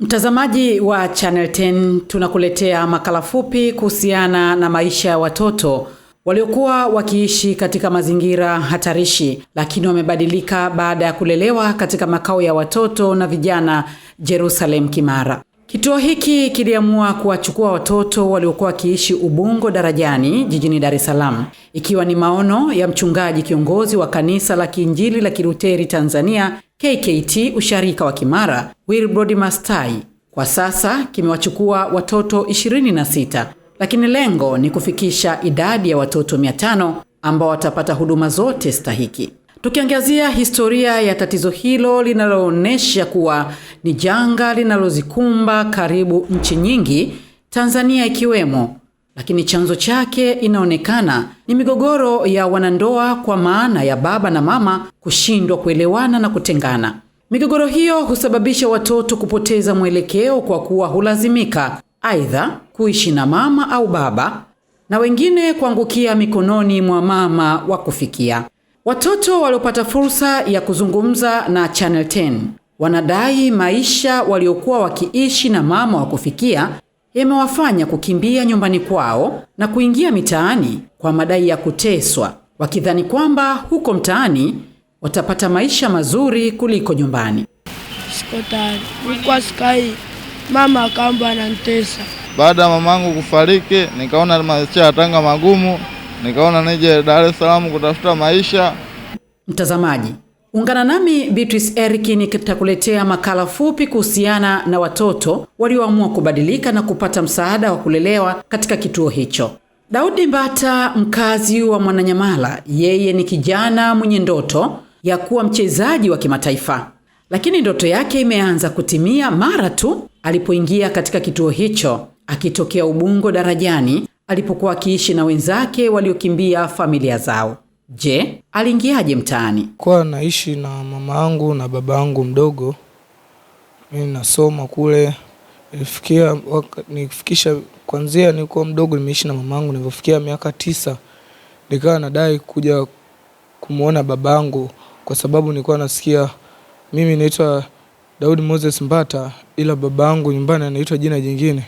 Mtazamaji wa Channel 10 tunakuletea makala fupi kuhusiana na maisha ya watoto waliokuwa wakiishi katika mazingira hatarishi, lakini wamebadilika baada ya kulelewa katika makao ya watoto na vijana Jerusalem Kimara. Kituo hiki kiliamua kuwachukua watoto waliokuwa wakiishi Ubungo Darajani jijini Dar es Salaam, ikiwa ni maono ya mchungaji kiongozi wa kanisa la Kiinjili la Kiluteri Tanzania KKT usharika wa Kimara, Wilbrod Mastai. Kwa sasa kimewachukua watoto 26 lakini lengo ni kufikisha idadi ya watoto 500 ambao watapata huduma zote stahiki. Tukiangazia historia ya tatizo hilo linaloonyesha kuwa ni janga linalozikumba karibu nchi nyingi, Tanzania ikiwemo, lakini chanzo chake inaonekana ni migogoro ya wanandoa, kwa maana ya baba na mama kushindwa kuelewana na kutengana. Migogoro hiyo husababisha watoto kupoteza mwelekeo kwa kuwa hulazimika aidha kuishi na mama au baba, na wengine kuangukia mikononi mwa mama wa kufikia. Watoto waliopata fursa ya kuzungumza na Channel 10 wanadai maisha waliokuwa wakiishi na mama wa kufikia yamewafanya kukimbia nyumbani kwao na kuingia mitaani kwa madai ya kuteswa, wakidhani kwamba huko mtaani watapata maisha mazuri kuliko nyumbani. nilikuwa sikai, mama akaamba anantesa. Baada ya mamangu kufariki, nikaona maisha yatanga magumu nikaona nije Dar es Salaam kutafuta maisha. Mtazamaji, ungana nami Beatrice Eric nikitakuletea makala fupi kuhusiana na watoto walioamua kubadilika na kupata msaada wa kulelewa katika kituo hicho. Daudi Mbata, mkazi wa Mwananyamala, yeye ni kijana mwenye ndoto ya kuwa mchezaji wa kimataifa, lakini ndoto yake imeanza kutimia mara tu alipoingia katika kituo hicho akitokea Ubungo darajani alipokuwa akiishi na wenzake waliokimbia familia zao. Je, aliingiaje mtaani? Kwa naishi na mama yangu na baba yangu mdogo, mimi nasoma kule. Nilifikia nifikisha kwanzia nilikuwa mdogo, nimeishi na mama yangu. Nilivyofikia miaka tisa, nikawa nadai kuja kumwona baba yangu, kwa sababu nilikuwa nasikia mimi naitwa Daudi Moses Mbata, ila baba yangu nyumbani anaitwa jina jingine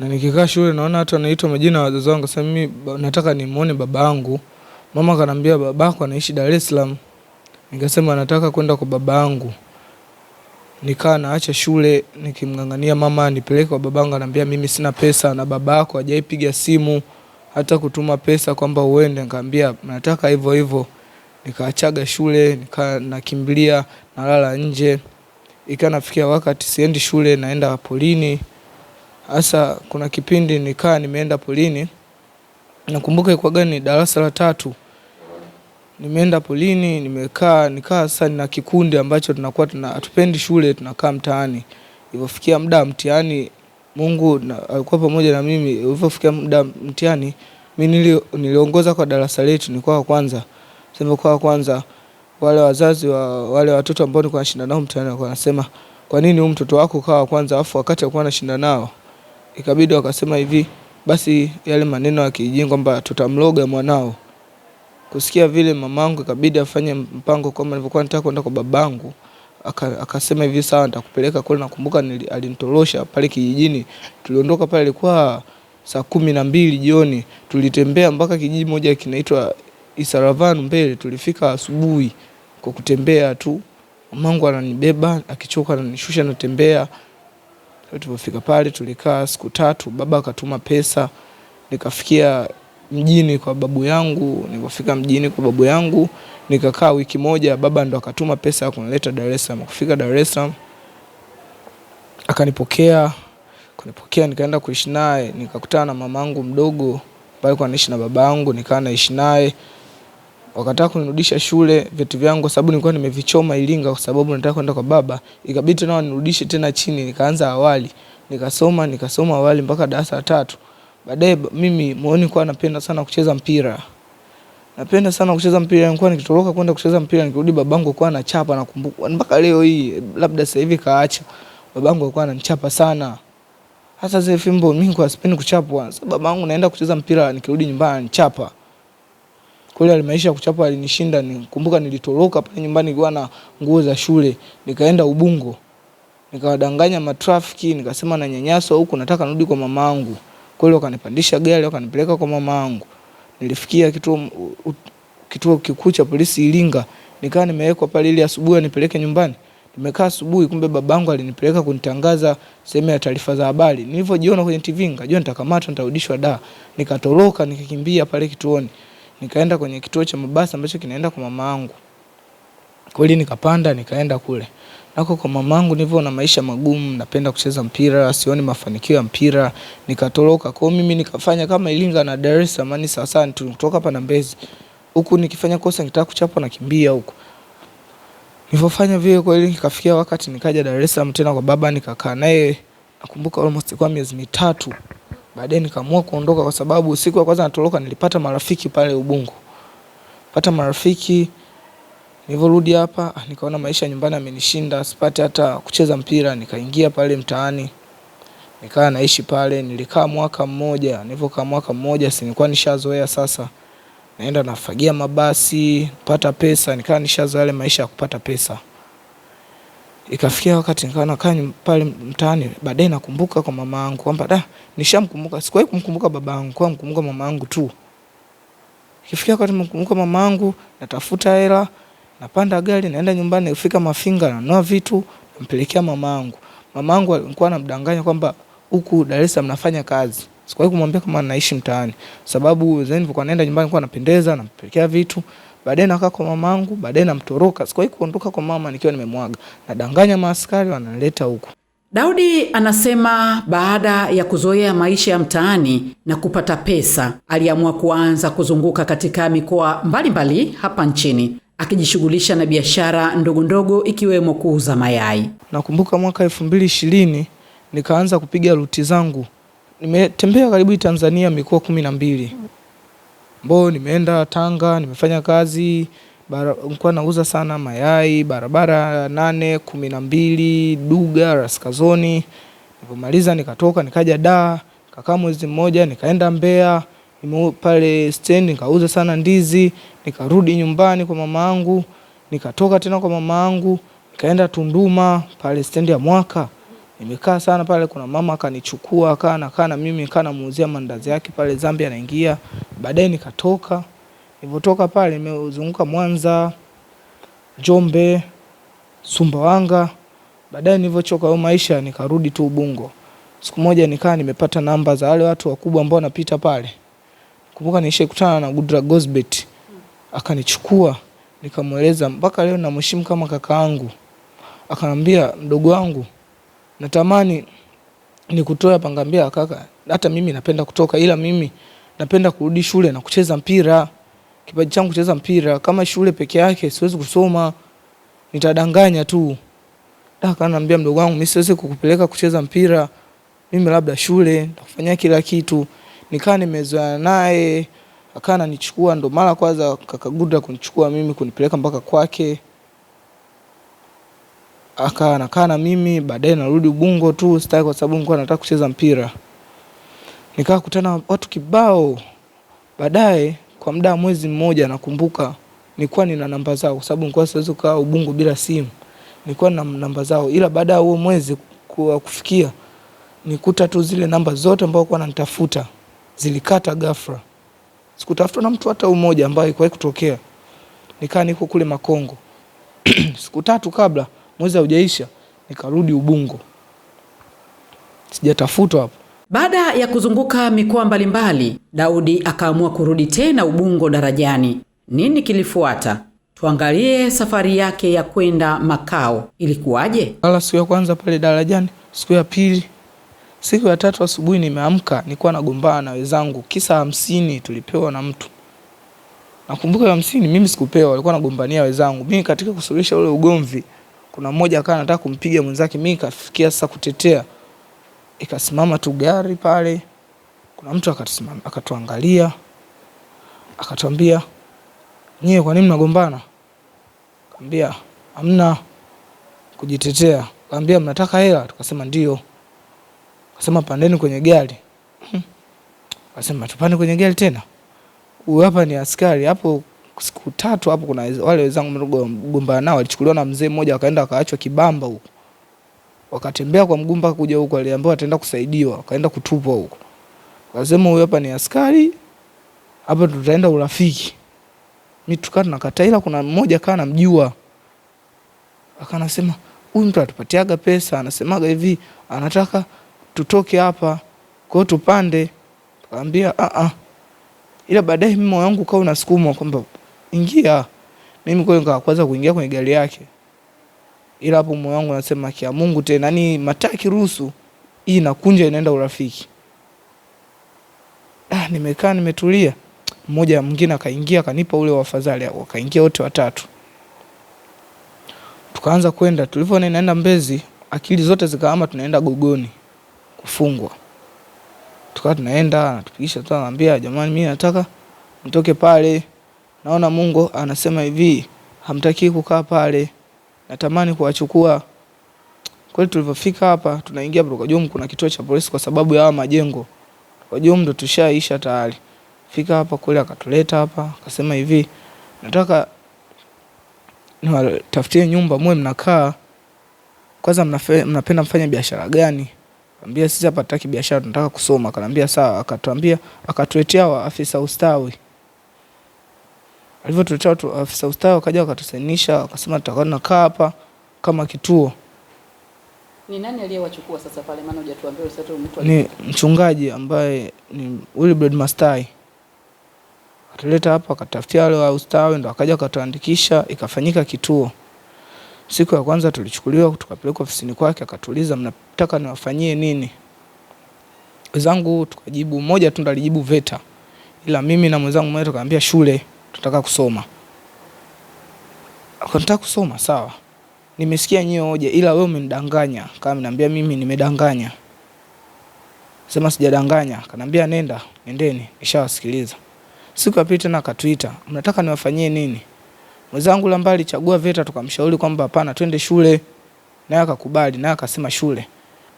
na nikikaa shule naona watu wanaitwa majina ya wazazi wangu. Sasa mimi nataka nimuone baba yangu. Mama kanambia babako anaishi Dar es Salaam. Nikasema nataka kwenda kwa baba yangu. Nikaa naacha shule nikimng'ang'ania mama anipeleke kwa babangu, anambia mimi sina pesa na babako hajaipiga simu hata kutuma pesa kwamba uende. Nikamwambia nataka hivyo hivyo. Nikaachaga shule, nikaa nakimbilia nalala nje. ikanafikia wakati siendi shule, naenda polini. Hasa kuna kipindi nikaa nimeenda polini, nakumbuka ilikuwa gani, darasa la tatu, nimeenda polini, nimekaa nikaa sasa, na kikundi ambacho tunakuwa tuna hatupendi shule, tunakaa mtaani. Ilipofikia muda mtihani, Mungu na, alikuwa pamoja na mimi. Ilipofikia muda mtihani, mimi nili, niliongoza kwa darasa letu, nilikuwa wa kwanza, sema kwa kwanza. Wale wazazi wa wale watoto ambao nilikuwa nashinda nao mtaani, wanasema, kwa nini huyu mtoto wako kawa wa kwanza, afu wakati alikuwa anashinda nao ikabidi wakasema hivi basi, yale maneno ya kijijini kwamba tutamloga mwanao. Kusikia vile, mamangu ikabidi afanye mpango kama nilivyokuwa nataka kwenda kwa babangu akasema hivi sawa, nitakupeleka kule. Nakumbuka alinitorosha pale kijijini, tuliondoka pale ilikuwa saa kumi na mbili jioni, tulitembea mpaka kijiji moja kinaitwa Isaravanu mbele. Tulifika asubuhi kwa kutembea tu, mamangu ananibeba akichoka, ananishusha natembea Tulipofika pale tulikaa siku tatu, baba akatuma pesa, nikafikia mjini kwa babu yangu. Nilipofika mjini kwa babu yangu nikakaa wiki moja, baba ndo akatuma pesa ya kunileta Dar es Salaam. Kufika Dar es Salaam akanipokea, kunipokea nikaenda kuishi naye, nikakutana na mamangu mdogo ambaye alikuwa anaishi na baba yangu, nikaa naishi naye wakataka kunirudisha shule vitu vyangu kwa sababu nilikuwa nimevichoma Ilinga kwa sababu nataka kwenda kwa baba, ikabidi tena wanirudishe tena chini, nikaanza awali nikasoma nikasoma awali mpaka darasa la tatu. Baadaye mimi muone kwa napenda sana kucheza mpira, napenda sana kucheza mpira. Nilikuwa nikitoroka kwenda kucheza mpira, nikirudi babangu kwa anachapa, nakumbuka mpaka leo hii, labda sasa hivi kaacha. Babangu alikuwa ananichapa sana, hasa zile fimbo. Mimi kwa sipendi kuchapwa, sababu babangu naenda kucheza mpira, nikirudi nyumbani anachapa. Kweli alimaisha kuchapa alinishinda. Nikumbuka nilitoroka pale nyumbani nilikuwa na nguo za shule, nikaenda Ubungo, nikawadanganya matrafiki, nikasema na nyanyaso huku, nataka nirudi kwa mama yangu. Kweli wakanipandisha gari, wakanipeleka kwa mama yangu. Nilifikia kituo kituo kikuu cha polisi Iringa, nikawa nimewekwa pale ili asubuhi anipeleke nyumbani. Nimekaa asubuhi, kumbe babangu alinipeleka kunitangaza sehemu ya taarifa za habari. Nilivyojiona kwenye TV nikajua nitakamatwa, nitarudishwa da. Nikatoroka, nikakimbia pale kituoni nikaenda kwenye kituo cha mabasi ambacho kinaenda kwa mama mamaangu. Kweli nikapanda nikaenda kule nako kwa mamangu, nilivyo na maisha magumu, napenda kucheza mpira, sioni mafanikio ya mpira, nikatoroka. Kwa mimi nikafanya kama Ilinga na Dar es Salaam, ni sawa sana, tulitoka hapa na Mbezi. Huku nikifanya kosa nitaka kuchapwa na kimbia huko. Nilivyofanya vile kweli nikafikia wakati nikaja Dar es Salaam tena kwa baba nikakaa naye, nakumbuka almost kwa miezi mitatu. Baadaye nikaamua kuondoka kwa sababu siku ya kwanza natoroka nilipata marafiki pale Ubungo. Pata marafiki nilivyorudi hapa ah, nikaona maisha nyumbani amenishinda, sipati hata kucheza mpira, nikaingia pale mtaani. Nikaa naishi pale, nilikaa mwaka mmoja. Nilivyokaa mwaka mmoja si nilikuwa nishazoea sasa. Naenda nafagia mabasi, pata pesa, nikaa nishazoea yale maisha ya kupata pesa. Ikafikia wakati nikawa nakaa pale mtaani, baadaye nakumbuka kwa mama yangu kwamba da, nishamkumbuka. Sikuwahi kumkumbuka baba yangu, kwa mkumbuka mama yangu tu. Ikifikia wakati mkumbuka mama yangu, natafuta hela, napanda gari, naenda nyumbani, kufika Mafinga, nanunua vitu, nampelekea mama yangu. Mama yangu alikuwa anamdanganya kwamba huku Dar es Salaam nafanya kazi. Sikuwahi kumwambia kama naishi mtaani, sababu zeni kwa naenda nyumbani, kwa napendeza, nampelekea vitu baadaye nakaa kwa mamangu, baadaye namtoroka. Sikuwahi kuondoka kwa mama nikiwa nimemwaga, nadanganya maaskari wananileta huku. Daudi anasema baada ya kuzoea maisha ya mtaani na kupata pesa, aliamua kuanza kuzunguka katika mikoa mbalimbali hapa nchini akijishughulisha na biashara ndogo ndogo ikiwemo kuuza mayai. Nakumbuka mwaka elfu mbili ishirini nikaanza kupiga ruti zangu, nimetembea karibu Tanzania mikoa kumi na mbili ambao nimeenda Tanga, nimefanya kazi nilikuwa nauza sana mayai barabara nane kumi na mbili Duga Raskazoni. Nilipomaliza nikatoka nikaja daa kakaa mwezi mmoja, nikaenda Mbeya pale stendi nikauza sana ndizi, nikarudi nyumbani kwa mama angu nikatoka tena kwa mama angu nikaenda Tunduma pale stendi ya Mwaka Nimekaa sana pale, kuna mama akanichukua akaa nakaa na mimi nikaa namuuzia mandazi yake pale Zambia anaingia Baadaye nikatoka. Nilipotoka pale nimezunguka Mwanza, Njombe, Sumbawanga. Baadaye nilivyochoka hayo maisha nikarudi tu Ubungo. Siku moja nikaa nimepata namba za wale watu wakubwa ambao wanapita pale. Kumbuka nilishakutana na Gudra Gosbet. Akanichukua nikamweleza mpaka leo namheshimu kama kaka yangu. Akanambia mdogo wangu natamani ni kutoa pangambia, kaka, hata mimi napenda kutoka, ila mimi napenda kurudi shule na kucheza mpira. Kipaji changu kucheza mpira, kama shule peke yake siwezi kusoma, nitadanganya tu. Daka mdogo wangu, mimi siwezi kukupeleka kucheza mpira, mimi labda shule nakufanyia kila kitu. Nikaa nimezoea naye, akaa ananichukua, ndo mara kwanza kaka Gudra kunichukua mimi kunipeleka mpaka kwake akawa anakaa na mimi, baadaye narudi Ubungo tu sitaki, kwa sababu nilikuwa nataka kucheza mpira. Nikawa kutana watu kibao, baadaye kwa muda wa mwezi mmoja, nakumbuka nilikuwa nina namba zao, kwa sababu nilikuwa siwezi kukaa Ubungo bila simu, nilikuwa na namba zao, ila baada ya huo mwezi kwa kufikia nikuta tu zile namba zote ambao kwa nanitafuta zilikata ghafla, sikutafuta na mtu hata mmoja ambaye kwa kutokea. Nikaa niko kule Makongo siku tatu kabla mwezi haujaisha nikarudi Ubungo, sijatafutwa hapo. Baada ya kuzunguka mikoa mbalimbali, Daudi akaamua kurudi tena Ubungo darajani. Nini kilifuata? Tuangalie safari yake ya kwenda Makao ilikuwaje. Lala siku ya kwanza pale darajani, siku ya pili, siku ya tatu asubuhi nimeamka, nilikuwa nagombana na wenzangu, kisa hamsini tulipewa na mtu nakumbuka hamsini, mimi sikupewa, walikuwa nagombania wenzangu. Mimi katika kusuluhisha ule ugomvi kuna mmoja akawa anataka kumpiga mwenzake, mimi kafikia sasa kutetea, ikasimama tu gari pale, kuna mtu akatusimama, akatuangalia, akatwambia nyewe, kwa nini mnagombana? Kaambia hamna, kujitetea. Kaambia mnataka hela? Tukasema ndio. Kasema pandeni kwenye gari. Hmm. Kasema tupande kwenye gari tena, huyu hapa ni askari hapo siku tatu hapo, kuna wale wenzangu mgombana nao walichukuliwa na mzee mmoja, wakaenda wakaachwa Kibamba huko, wakatembea kwa mguu mpaka kuja huko, waliambiwa wataenda kusaidiwa, wakaenda kutupwa huko. Wakasema huyu hapa ni askari hapa, tutaenda urafiki. Mimi tukaa tunakataa, ila kuna mmoja kaa namjua, akanasema huyu mtu atupatiaga pesa, anasemaga hivi anataka tutoke hapa, kwa tupande. Tukaambia a ah, a, ah. ila baadaye mimi moyo wangu ukawa unasukumwa kwamba ingia. Mimi kwa nika kwanza kuingia kwenye gari yake, ila hapo moyo wangu nasema kia Mungu tena, ni yaani mataki ruhusu hii inakunja inaenda urafiki. Ah, nimekaa nimetulia, mmoja mwingine akaingia akanipa ule wafadhali, wakaingia wote watatu, tukaanza kwenda. Tulivyoona inaenda Mbezi, akili zote zikahama, tunaenda Gogoni kufungwa. Tukawa tunaenda anatupigisha tu, anaambia jamani, mimi nataka nitoke pale Naona Mungu anasema hivi, hamtaki kukaa pale, natamani kuwachukua kweli. Tulivyofika hapa, tunaingia kwa jumu, kuna kituo cha polisi kwa sababu ya majengo. kwa jumu ndo tushaisha tayari. Fika hapa kule, akatuleta hapa, akasema hivi, nataka niwatafutie nyumba mwe mnakaa kwanza, mnapenda mfanye biashara gani? Ambia sisi hapa tutaki biashara, tunataka kusoma. Akanambia sawa, akatuambia akatuletea afisa ustawi Alivyotuletea watu afisa ustawi wakaja wakatusainisha wakasema tutakwenda kaa hapa kama kituo. Ni nani aliyewachukua sasa pale maana hujatuambia sasa tu mtu Ni mchungaji ambaye ni Wilbrod Mastai. Atuleta hapa akatafutia wale wa ustawi ndo akaja akatuandikisha ikafanyika kituo. Siku ya kwanza tulichukuliwa tukapelekwa ofisini kwake akatuuliza mnataka niwafanyie nini? Wenzangu tukajibu, mmoja tu ndo alijibu VETA. Ila mimi na mwenzangu mmoja tukamwambia shule tunataka kusoma. Nataka kusoma sawa, nimesikia nyie hoja, ila wewe umenidanganya. Kama niambia mimi nimedanganya, sema sijadanganya. Kanambia nenda, nendeni, nishawasikiliza. Siku ya pili tena akatuita, mnataka niwafanyie nini? Mwenzangu la mbali chagua VETA, tukamshauri kwamba hapana, twende shule, naye akakubali, naye akasema shule.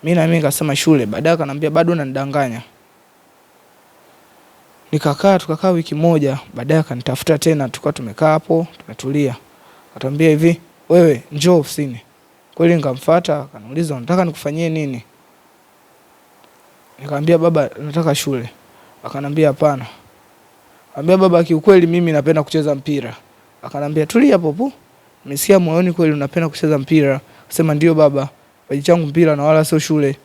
Mimi na mimi nikasema shule. Baadaye akaniambia bado unanidanganya. Nikakaa tukakaa wiki moja, baadaye akanitafuta tena, tukawa tumekaa hapo tumetulia. akatambia hivi, wewe njo ofisini. Kweli nikamfata akaniuliza nataka nikufanyie nini? nikaambia baba, nataka shule. Akanambia hapana. ambia baba, kiukweli mimi napenda kucheza mpira. Akanambia tulia popo mesikia moyoni kweli unapenda kucheza mpira. Sema ndio baba, wajibu changu mpira na wala sio shule.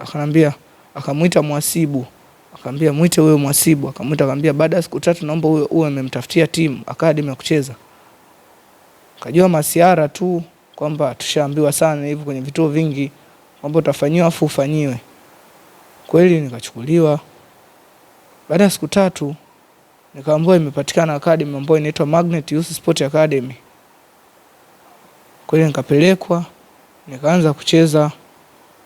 Akanambia, akamwita mwasibu Akamwambia mwite huyo mwasibu, akamwita akamwambia, baada ya siku tatu naomba huyo uwe amemtafutia timu academy ya kucheza. Kajua masiara tu kwamba tushaambiwa sana hivi kwenye vituo vingi kwamba utafanyiwa afu ufanyiwe. Kweli nikachukuliwa. Baada ya siku tatu nikaambiwa imepatikana academy ambayo inaitwa Magnet Youth Sport Academy. Kweli nikapelekwa nikaanza kucheza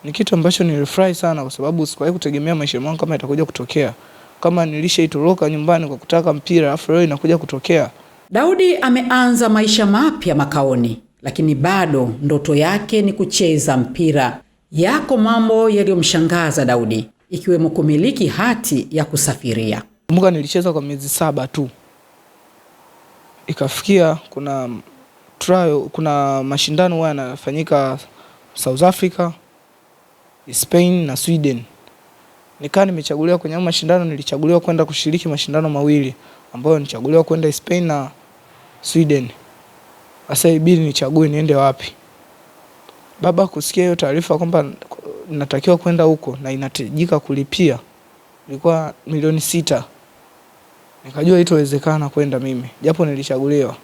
ni kitu ambacho nilifurahi sana, kwa sababu sikuwahi kutegemea maisha yangu kama itakuja kutokea, kama nilishaitoroka nyumbani kwa kutaka mpira afu leo inakuja kutokea. Daudi ameanza maisha mapya makaoni, lakini bado ndoto yake ni kucheza mpira. Yako mambo yaliyomshangaza Daudi, ikiwemo kumiliki hati ya kusafiria. Kumbuka nilicheza kwa miezi saba tu, ikafikia kuna trial, kuna mashindano huwa yanafanyika South Africa Spain na Sweden. Nikaa nimechaguliwa kwenye mashindano, nilichaguliwa kwenda kushiriki mashindano mawili ambayo nilichaguliwa kwenda Spain na Sweden. Sasa ibidi nichague niende wapi. Baba kusikia hiyo taarifa kwamba natakiwa kwenda huko na inatajika kulipia ilikuwa milioni sita. Nikajua itowezekana kwenda mimi japo nilichaguliwa.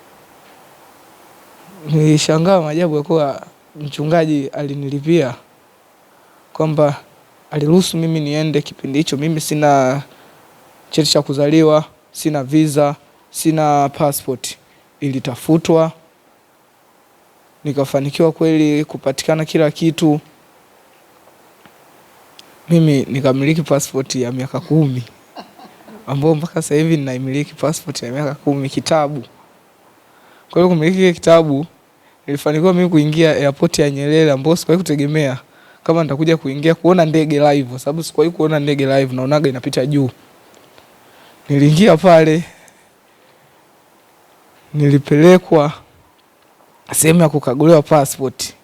Nilishangaa maajabu ya kuwa mchungaji alinilipia kwamba aliruhusu mimi niende kipindi hicho. Mimi sina cheti cha kuzaliwa, sina visa, sina passport. Ilitafutwa nikafanikiwa kweli kupatikana kila kitu. Mimi nikamiliki passport ya miaka kumi ambao mpaka sasa hivi ninaimiliki passport ya miaka kumi kitabu. Kwa hiyo kumiliki kitabu, nilifanikiwa mimi kuingia airport ya Nyerere ambao sikuwahi kutegemea kama nitakuja kuingia kuona ndege live, kwa sababu sikuwahi kuona ndege live, naonaga inapita juu. Niliingia pale, nilipelekwa sehemu ya kukaguliwa passport,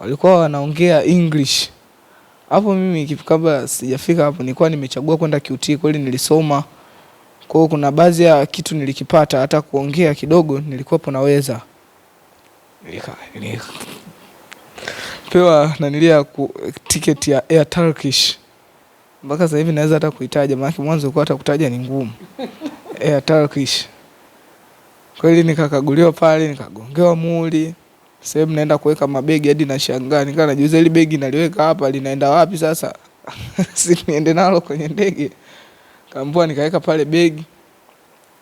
walikuwa wanaongea English hapo. Mimi kabla sijafika hapo, nilikuwa nimechagua kwenda QT, kweli nilisoma kwa kuna baadhi ya kitu nilikipata, hata kuongea kidogo nilikuwa naweza pewa nanilia ku, tiketi ya Air Turkish mpaka sasa hivi naweza hata kuitaja, maana mwanzo ulikuwa hata kutaja ni ngumu. Air Turkish kweli, nikakaguliwa pale, nikagongewa muli sehemu naenda kuweka mabegi hadi nashangaa, nikaa najiuliza ile begi naliweka hapa linaenda wapi sasa? si niende nalo kwenye ndege? Kaambua nikaweka pale begi,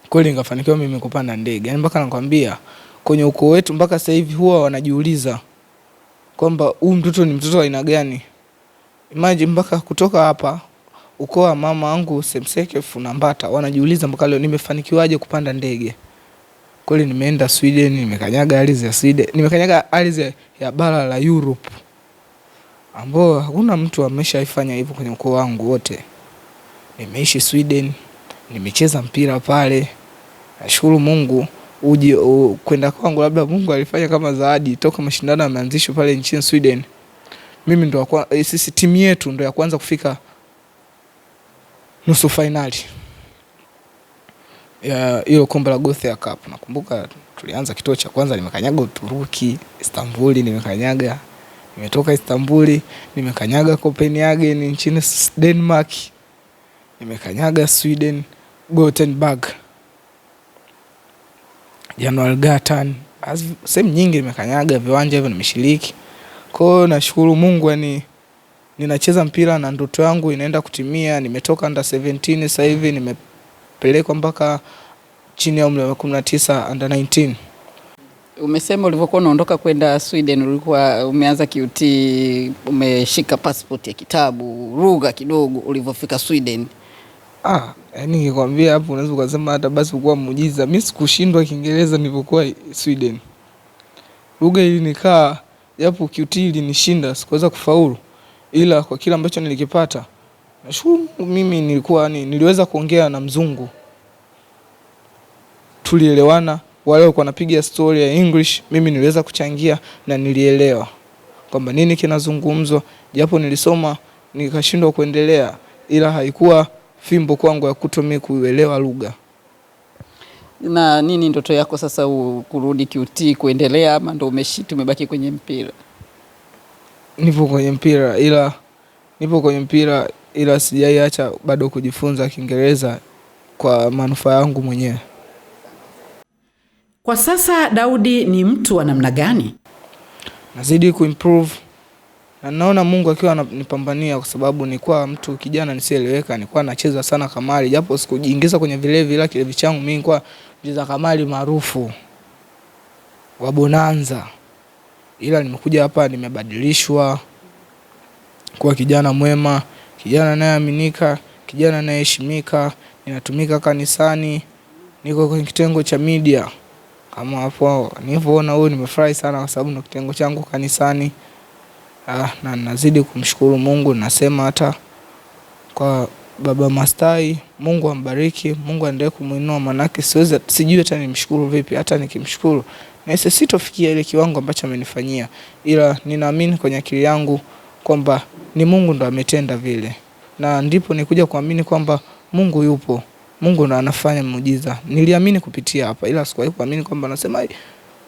kweli nikafanikiwa mimi kupanda ndege. Yani mpaka nakwambia kwenye ukoo wetu mpaka sasa hivi huwa wanajiuliza kwamba huu mtoto ni mtoto aina gani. maji mpaka kutoka hapa ukoo wa mama wangu Semseke Funambata wanajiuliza mpaka leo nimefanikiwaje kupanda ndege. Kweli nimeenda Sweden, nimekanyaga ardhi ya Sweden, nimekanyaga ardhi ya bara la Europe ambao hakuna mtu ameshaifanya hivyo kwenye ukoo wangu wote. Nimeishi Sweden, nimecheza mpira pale, nashukuru Mungu uji kwenda kwangu, labda Mungu alifanya kama zawadi toka mashindano yameanzishwa pale nchini Sweden. Mimi ndo kwa eh, sisi timu yetu ndo ya kwanza kufika nusu fainali ya hiyo kombe la Gothia Cup. Nakumbuka tulianza kituo cha kwanza, nimekanyaga Uturuki, Istanbuli nimekanyaga, nimetoka Istanbuli nimekanyaga Copenhagen nchini Denmark, nimekanyaga Sweden, Gothenburg. General Gatan, sehemu nyingi nimekanyaga, viwanja hivyo nimeshiriki. Kwa hiyo nashukuru Mungu, yani ninacheza mpira na ndoto yangu inaenda kutimia. Nimetoka under 17 sasa hivi nimepelekwa mpaka chini ya umri wa 19 under 19. Umesema ulivyokuwa unaondoka kwenda Sweden ulikuwa umeanza QT, umeshika passport ya kitabu, lugha kidogo, ulivyofika Sweden. Ah, Yaani nikikwambia hapo unaweza ukasema hata basi kuwa muujiza. Mimi sikushindwa Kiingereza nilipokuwa Sweden. Lugha nikaa japo QT ilinishinda sikuweza kufaulu ila kwa kile ambacho nilikipata nashukuru mimi nilikuwa ni, yaani niliweza kuongea na mzungu. Tulielewana, wale walikuwa wanapiga story ya English, mimi niliweza kuchangia na nilielewa kwamba nini kinazungumzwa japo nilisoma nikashindwa kuendelea ila haikuwa fimbo kwangu ya kutomi kuielewa lugha. Na nini ndoto yako sasa, kurudi QT kuendelea, ama ndo umeshiti umebaki kwenye mpira? Nipo kwenye mpira ila nipo kwenye mpira ila sijaiacha bado kujifunza Kiingereza kwa manufaa yangu mwenyewe. Kwa sasa Daudi ni mtu wa namna gani? Nazidi kuimprove na naona Mungu akiwa ananipambania kwa sababu nilikuwa mtu kijana nisieleweka, nilikuwa nacheza sana kamari, japo sikujiingiza kwenye vilevi, ila kilevi changu mimi nilikuwa mcheza kamari maarufu wa Bonanza, ila nimekuja hapa nimebadilishwa kuwa kijana mwema, kijana anayeaminika, kijana anayeheshimika. Ninatumika kanisani, niko kwenye kitengo cha media. Kama hapo nilivyoona huyu, nimefurahi sana kwa sababu na kitengo changu kanisani ah, na nazidi kumshukuru Mungu, nasema hata kwa Baba Mastai, Mungu ambariki, Mungu aendelee kumuinua, manake siwezi, sijui hata nimshukuru vipi. Hata nikimshukuru nahisi sitofikia ile kiwango ambacho amenifanyia, ila ninaamini kwenye akili yangu kwamba ni Mungu ndo ametenda vile, na ndipo nikuja kuamini kwamba Mungu yupo, Mungu ndo anafanya muujiza. Niliamini kupitia hapa, ila sikuwahi kuamini kwamba anasema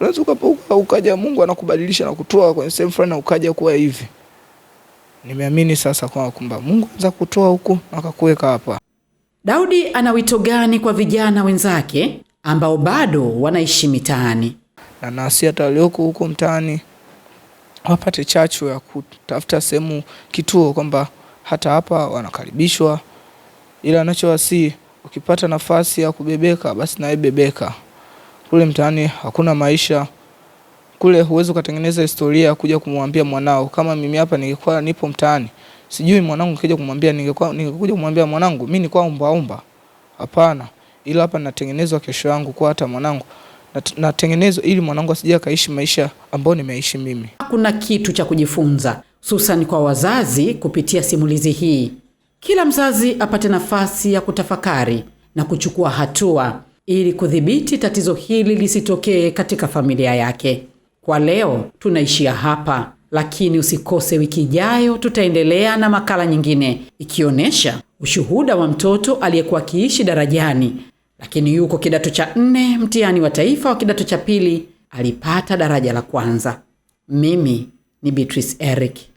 unaweza ukaja, Mungu anakubadilisha na kutoa kwenye sehemu fulani na ukaja kuwa hivi. Nimeamini sasa kwamba Mungu anaweza kutoa huku na akakuweka hapa. Daudi ana wito gani kwa vijana wenzake ambao bado wanaishi mitaani na nasi hata walioko huko mtaani wapate chachu ya kutafuta sehemu kituo, kwamba hata hapa wanakaribishwa, ila anachowasi ukipata nafasi ya kubebeka basi nawe bebeka kule mtaani hakuna maisha kule, huwezi ukatengeneza historia kuja kumwambia mwanao. Kama mimi hapa ningekuwa nipo mtaani, sijui mwanangu kija kumwambia, ningekuwa ningekuja kumwambia mwanangu, mimi nilikuwa umba umba. hapana. Ila hapa natengenezwa kesho yangu kwa hata mwanangu natengenezwa, ili mwanangu asije akaishi maisha ambayo nimeishi mimi. Kuna kitu cha kujifunza hususan kwa wazazi kupitia simulizi hii, kila mzazi apate nafasi ya kutafakari na kuchukua hatua ili kudhibiti tatizo hili lisitokee katika familia yake. Kwa leo tunaishia hapa, lakini usikose wiki ijayo, tutaendelea na makala nyingine ikionyesha ushuhuda wa mtoto aliyekuwa akiishi darajani, lakini yuko kidato cha nne, mtihani wa taifa wa kidato cha pili, alipata daraja la kwanza. Mimi ni Beatrice Eric.